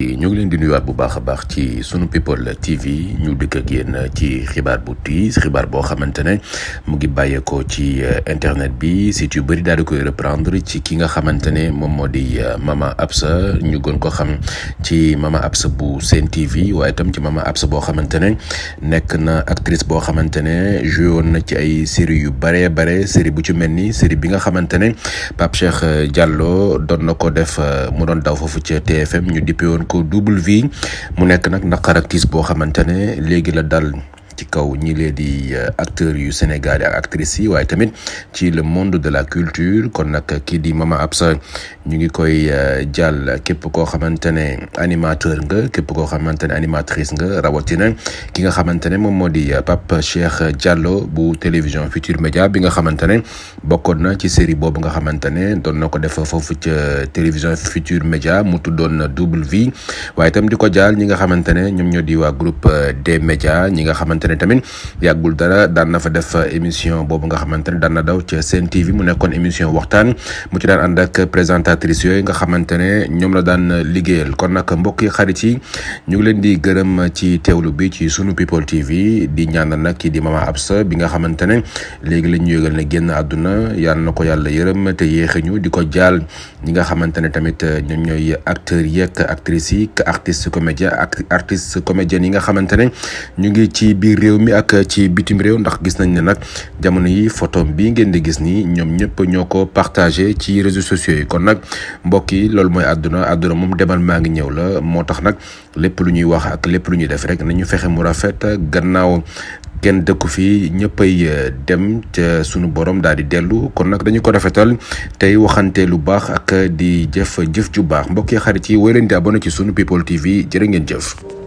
ñu ngi leen di nuyuwaat bu baax a baax ci sunu people TV ñu dikk ak ci xibaar bu tiis xibaar boo xamante ne mu ngi bàyyeekoo ci euh, internet bi site yu bëri daal di koy reprendre ci ki nga xamante ne moom moo di euh, Mama Absa ñu gën ko xam ci Mama Absa bu Sen TV waaye itam ci Mama Absa boo xamante ne nekk na actrice boo xamante ne woon na ci ay série yu bare bare série bu ci mel ni série bi nga xamante ne Pape Cheikh euh, doon na ko def mu doon daw foofu ñu dippee ko double vie mu nekk nag naqar ak tiis boo xamante ne léegi la dal ci kaw ñi lee di euh, acteurs yu Sénégal yi ak actrices yi waaye tamit ci le monde de la culture kon nag kii di Mama Absa ñu ngi koy euh, jàll képp koo xamante ne animateur nga képp koo xamante ne animatrice nga rawatina ki nga xamante ne moom moo di euh, Pape Cheikh Diallo bu télévision Futur Média bi nga xamante ne bokkoon na ci série boobu nga xamante ne doon na ko def foofu ca télévision Futur Média mu tuddoon double vie waaye itam di ko jàll ñi nga xamante ne ñoom ñoo di waa groupe des médias ñi nga xamante xamante ne tamit yàggul dara daan na fa def émission boobu nga xamante ne daan na daw ca Sen TV mu nekkoon émission waxtaan mu ci daan ànd ak présentatrice yooyu nga xamante ne ñoom la daan liggéeyal kon nag mbokk yi xarit yi ñu ngi leen di gërëm ci teewlu bi ci sunu People TV di ñaanal nag kii di Mama Absa bi nga xamante ne léegi la ñu yëgal génn àdduna yàlla na ko yàlla yërëm te yéexe ñu di ko jaal ñi nga xamante ne tamit ñoom ñooy acteurs yeeg actrices yi artistes comédien ak artistes comédiennes yi nga xamante ñu ngi ci biir réew mi ak ci bitim réew ndax gis nañ ne nag jamono yi photo bi ngeen di gis nii ñoom ñëpp ñoo ko partagé ci réseau sociaux yi kon nag mbokk yi loolu mooy àdduna àdduna moom demal maa ngi ñëw la moo tax nag lépp lu ñuy wax ak lépp lu ñuy def rek nañu fexe mu rafet gannaaw kenn dëkku fii ñëppay euh, dem ca sunu borom daal di dellu kon nag dañu ko rafetal tey waxante lu baax ak di jëf jëf ju baax mbokk yi xarit yi woy leen di abonné ci sunu people tv jërë ngeen jëf